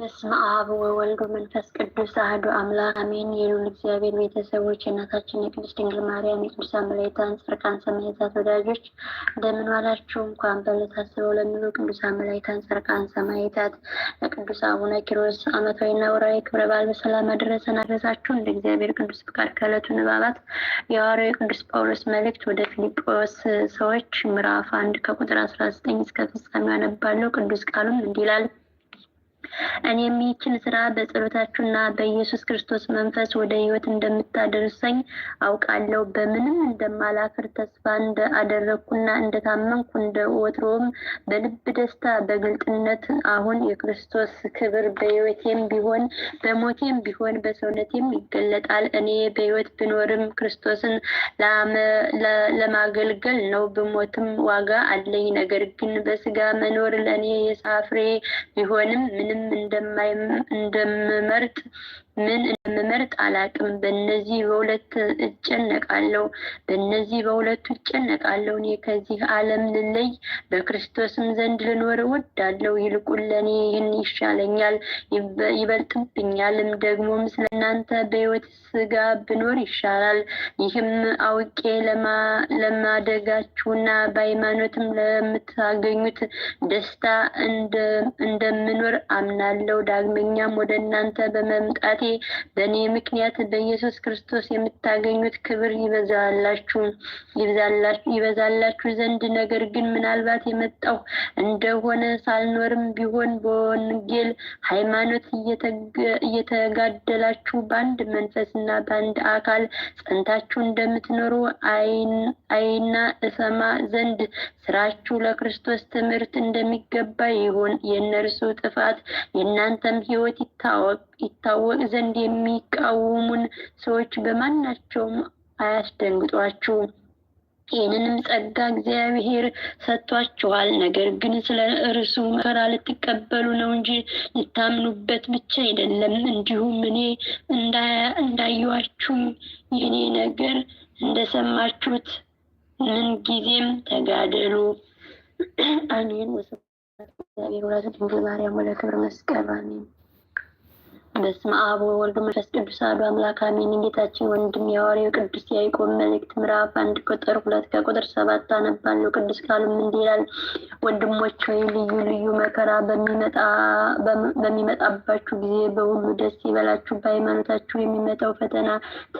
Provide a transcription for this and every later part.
በስመ አብ ወወልድ መንፈስ ቅዱስ አህዱ አምላክ አሜን። የልዑል እግዚአብሔር ቤተሰቦች እናታችን የቅድስት ድንግል ማርያም የቅዱስ አመላይታን ጻድቃን ሰማይታት ወዳጆች እንደምን ዋላችሁ? እንኳን በዕለተ አስበው ለሚሉ ቅዱስ አመላይታን ጻድቃን ሰማይታት ለቅዱስ አቡነ ኪሮስ ዓመታዊና ወራዊ ክብረ በዓል በሰላም አደረሰን አደረሳችሁ። እንደ እግዚአብሔር ቅዱስ ፍቃድ ከዕለቱ ንባባት የሐዋርያው የቅዱስ ጳውሎስ መልእክት ወደ ፊልጵዎስ ሰዎች ምዕራፍ አንድ ከቁጥር አስራ ዘጠኝ እስከ ፍጻሜው አነባለሁ። ቅዱስ ቃሉም እንዲህ ይላል እኔም ይህችን ስራ በጸሎታችሁና በኢየሱስ ክርስቶስ መንፈስ ወደ ህይወት እንደምታደርሰኝ አውቃለሁ። በምንም እንደማላፍር ተስፋ እንደአደረግኩና እንደታመንኩ እንደ ወትሮም በልብ ደስታ በግልጥነት አሁን የክርስቶስ ክብር በህይወቴም ቢሆን በሞቴም ቢሆን በሰውነቴም ይገለጣል። እኔ በህይወት ብኖርም ክርስቶስን ለማገልገል ነው። ብሞትም ዋጋ አለኝ። ነገር ግን በስጋ መኖር ለእኔ የሳፍሬ ቢሆንም ምንም እንደምመርጥ ምን እንደምመርጥ አላቅም በእነዚህ በሁለት እጨነቃለሁ፣ በእነዚህ በሁለቱ እጨነቃለሁ። እኔ ከዚህ ዓለም ልለይ፣ በክርስቶስም ዘንድ ልኖር እወዳለሁ። ይልቁን ለእኔ ይህን ይሻለኛል፣ ይበልጥብኛልም። ደግሞም ስለ እናንተ በሕይወት ስጋ ብኖር ይሻላል። ይህም አውቄ ለማደጋችሁና በሃይማኖትም ለምታገኙት ደስታ እንደምኖር አምናለሁ። ዳግመኛም ወደ እናንተ በመምጣት። በእኔ ምክንያት በኢየሱስ ክርስቶስ የምታገኙት ክብር ይበዛላችሁ ይበዛላችሁ ዘንድ ነገር ግን ምናልባት የመጣው እንደሆነ ሳልኖርም ቢሆን በወንጌል ሃይማኖት እየተጋደላችሁ በአንድ መንፈስና በአንድ አካል ጸንታችሁ እንደምትኖሩ አይና እሰማ ዘንድ ስራችሁ ለክርስቶስ ትምህርት እንደሚገባ ይሁን። የእነርሱ ጥፋት የእናንተም ሕይወት ይታወቅ ዘንድ የሚቃወሙን ሰዎች በማናቸውም አያስደንግጧችሁ። ይህንንም ጸጋ እግዚአብሔር ሰጥቷችኋል። ነገር ግን ስለ እርሱ መከራ ልትቀበሉ ነው እንጂ ልታምኑበት ብቻ አይደለም። እንዲሁም እኔ እንዳየኋችሁም የኔ ነገር እንደሰማችሁት ምን ጊዜም ተጋደሉ። አሜን። ወስብሐት ለእግዚአብሔር ወለወላዲቱ ድንግል ማርያም ወለክብር መስቀሉ አሜን። በስመ አብ ወወልድ መንፈስ ቅዱስ አሐዱ አምላክ አሜን። ጌታችን ወንድም የሐዋርያው ቅዱስ ያዕቆብ መልእክት ምዕራፍ አንድ ቁጥር ሁለት ከቁጥር ሰባት አነባለሁ። ቅዱስ ቃሉም እንዲህ ይላል፣ ወንድሞች ሆይ ልዩ ልዩ መከራ በሚመጣባችሁ ጊዜ በሁሉ ደስ ይበላችሁ። በሃይማኖታችሁ የሚመጣው ፈተና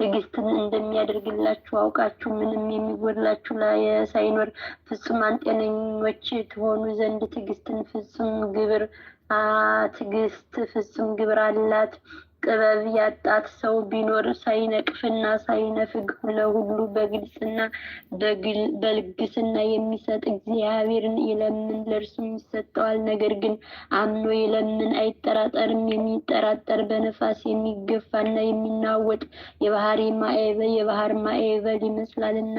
ትዕግስትን እንደሚያደርግላችሁ አውቃችሁ ምንም የሚጎድላችሁ ላይ ሳይኖር ፍጹማን ጤነኞች ትሆኑ ዘንድ ትዕግስትን ፍጹም ግብር ትዕግስት ፍጹም ግብር አላት። ጥበብ ያጣት ሰው ቢኖር ሳይነቅፍና ሳይነፍግ ለሁሉ በግልጽና በልግስና የሚሰጥ እግዚአብሔርን ይለምን፣ ለእርሱም ይሰጠዋል። ነገር ግን አምኖ ይለምን፣ አይጠራጠርም። የሚጠራጠር በነፋስ የሚገፋና የሚናወጥ የባህር ማዕበል የባህር ማዕበል ይመስላልና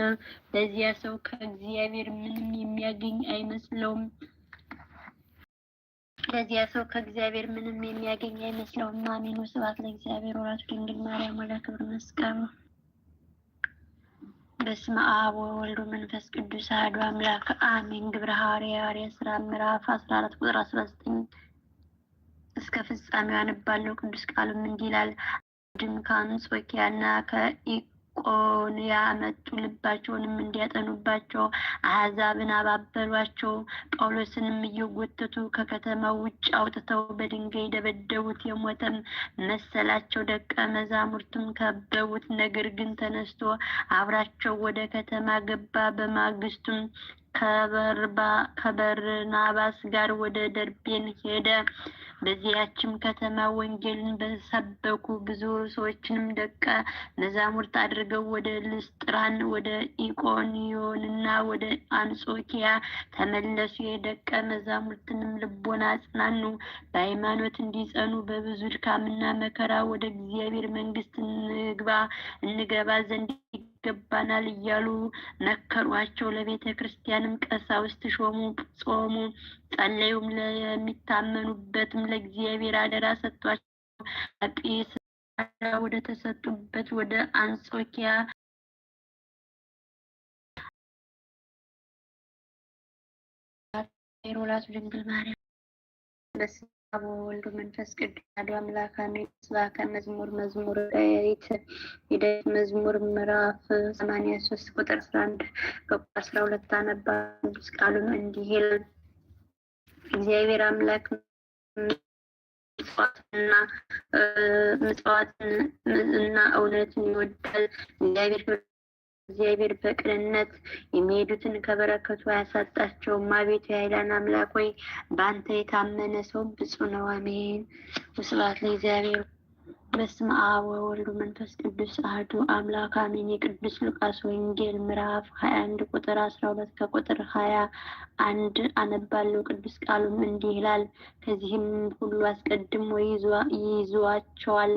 በዚያ ሰው ከእግዚአብሔር ምንም የሚያገኝ አይመስለውም። ለዚያ ሰው ከእግዚአብሔር ምንም የሚያገኝ አይመስለውም። አሜን። ወስብሐት ለእግዚአብሔር ወራቱ ድንግል ማርያም ክብር መስቀሉ። በስመ አብ ወወልድ መንፈስ ቅዱስ አሐዱ አምላክ አሜን። ግብረ ሐዋርያት የሐዋርያት ስራ ምዕራፍ አስራ አራት ቁጥር አስራ ዘጠኝ እስከ ፍጻሜው ያነባለው ቅዱስ ቃሉም እንዲህ ይላል። ድም ከአንጾኪያና ያመጡ ልባቸውንም እንዲያጠኑባቸው አሕዛብን አባበሏቸው። ጳውሎስንም እየጎተቱ ከከተማው ውጭ አውጥተው በድንጋይ ደበደቡት። የሞተም መሰላቸው። ደቀ መዛሙርትም ከበቡት። ነገር ግን ተነስቶ አብራቸው ወደ ከተማ ገባ። በማግስቱም ከበርናባስ ጋር ወደ ደርቤን ሄደ። በዚያችም ከተማ ወንጌልን በሰበኩ ብዙ ሰዎችንም ደቀ መዛሙርት አድርገው ወደ ልስጥራን፣ ወደ ኢቆንዮንና ወደ አንጾኪያ ተመለሱ። የደቀ መዛሙርትንም ልቦና አጽናኑ፣ በሃይማኖት እንዲጸኑ በብዙ ድካምና መከራ ወደ እግዚአብሔር መንግስት እንግባ እንገባ ዘንድ ይገባናል እያሉ መከሯቸው። ለቤተ ክርስቲያንም ቀሳውስት ሾሙ፣ ጾሙ፣ ጸለዩም። ለሚታመኑበትም ለእግዚአብሔር አደራ ሰጥቷቸው አጲስ ወደ ተሰጡበት ወደ አንጾኪያ ሮላቱ ድንግል ማርያም አብ ወወልድ መንፈስ ቅዱስ አሐዱ አምላክ አሜን። ስብሐተ መዝሙር መዝሙር ዳዊት የዳዊት መዝሙር ምዕራፍ ሶስት ቁጥር አንድ ከቁጥር አስራ ሁለት አነባ ቅዱስ ቃሉን እንዲህ ይላል እግዚአብሔር አምላክ ምጽዋትና ምጽዋትን እውነትን ይወዳል እግዚአብሔር እግዚአብሔር በቅንነት የሚሄዱትን ከበረከቱ ያሳጣቸው ማቤቱ የኃይላን አምላክ ወይ በአንተ የታመነ ሰው ብፁ ነው። አሜን። ወስብሐት ለእግዚአብሔር። በስመ አብ ወወልድ መንፈስ ቅዱስ አህዱ አምላክ አሜን። የቅዱስ ሉቃስ ወንጌል ምዕራፍ ሀያ አንድ ቁጥር አስራ ሁለት ከቁጥር ሀያ አንድ አነባለሁ። ቅዱስ ቃሉም እንዲህ ይላል፣ ከዚህም ሁሉ አስቀድሞ ይይዟቸዋል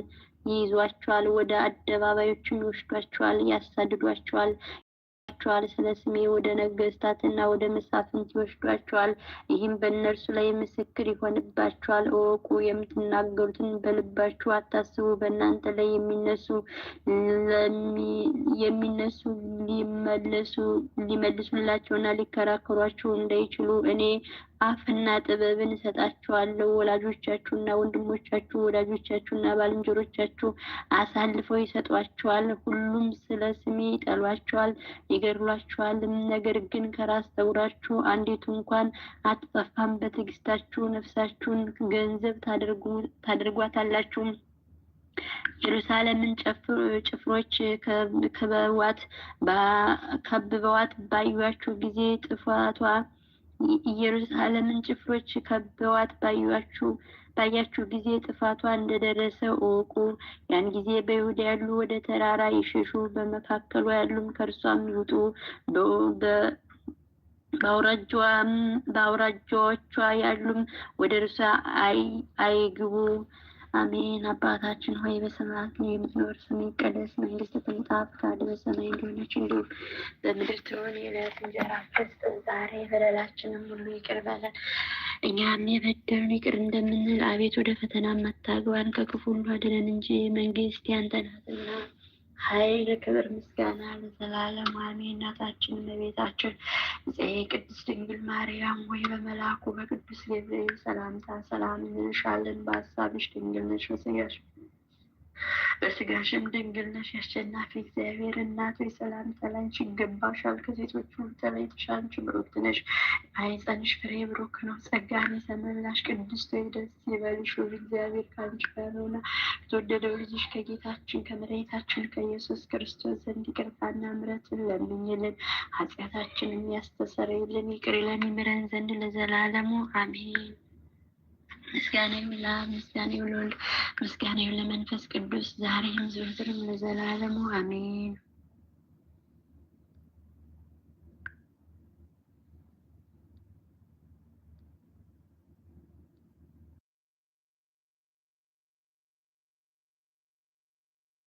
ይይዟቸዋል፣ ወደ አደባባዮችም ይወስዷቸዋል፣ ያሳድዷቸዋል ይወስዷቸዋል ስለ ስሜ ወደ ነገስታት ወደ መሳፍንት ይወስዷቸዋል። ይህም በእነርሱ ላይ ምስክር ይሆንባቸዋል። እወቁ፣ የምትናገሩትን በልባችሁ አታስቡ። በእናንተ ላይ የሚነሱ የሚነሱ ሊመልሱላቸውና ሊከራከሯቸው እንዳይችሉ እኔ አፍና ጥበብን እሰጣችኋለሁ። ወላጆቻችሁና ወንድሞቻችሁ ወዳጆቻችሁና ባልንጀሮቻችሁ አሳልፈው ይሰጧችኋል። ሁሉም ስለ ስሜ ይጠሏችኋል፣ ይገድሏችኋልም። ነገር ግን ከራስ ጠጉራችሁ አንዲቱ እንኳን አትጠፋም። በትዕግስታችሁ ነፍሳችሁን ገንዘብ ታደርጓታላችሁ። ኢየሩሳሌምን ጭፍሮች ከበዋት ከብበዋት ባዩዋችሁ ጊዜ ጥፋቷ ኢየሩሳሌምን ጭፍሮች ከበዋት ባያችሁ ባያችሁ ጊዜ ጥፋቷ እንደደረሰ እወቁ። ያን ጊዜ በይሁዳ ያሉ ወደ ተራራ ይሸሹ፣ በመካከሏ ያሉም ከእርሷም ይውጡ። በአውራጃዎቿ ያሉም ወደ እርሷ አይግቡ። አሜን። አባታችን ሆይ በሰማያት የምትኖር ስምህ ይቀደስ፣ መንግስት ትምጣ፣ ፈቃድህ በሰማይ እንደሆነች እንዲሁም በምድር ትሆን። የዕለት እንጀራ ስጠን ዛሬ፣ በደላችንን ሁሉ ይቅር በለን እኛም የበደሉን ይቅር እንደምንል፣ አቤት ወደ ፈተና መታግባን ከክፉ ሁሉ አድነን እንጂ መንግስት ያንተ ናትና ኃይል ክብር፣ ምስጋና ለዘላለም አሜን። እናታችን እመቤታችን ቅድስት ድንግል ማርያም ወይ በመልአኩ በቅዱስ ገብርኤል ሰላምታ ሰላም እንልሻለን። በሀሳብሽ ድንግል ነሽ፣ በስጋሽ በስጋሽም ድንግል ነሽ። የአሸናፊ እግዚአብሔር እናት ሆይ ሰላምታ ላንቺ ይገባሻል። ከሴቶች ሁሉ ተለይተሽ አንቺ ነሽ፣ የማኅፀንሽ ፍሬ ብሩክ ነው። ጸጋን የተመላሽ ቅድስት ሆይ ደስ ይበልሽ፣ እግዚአብሔር ከአንቺ ጋር ነውና ልጅሽ ከጌታችን ከመድኃኒታችን ከኢየሱስ ክርስቶስ ዘንድ ይቅርታና ምሕረትን ለምኝልን፣ ኃጢአታችን የሚያስተሰርይልን ይቅር ይለን ይምረን ዘንድ ለዘላለሙ አሜን። ምስጋና ይሁን ለአብ፣ ምስጋና ይሁን ለወልድ፣ ምስጋና ይሁን ለመንፈስ ቅዱስ ዛሬም ዘወትርም ለዘላለሙ አሜን።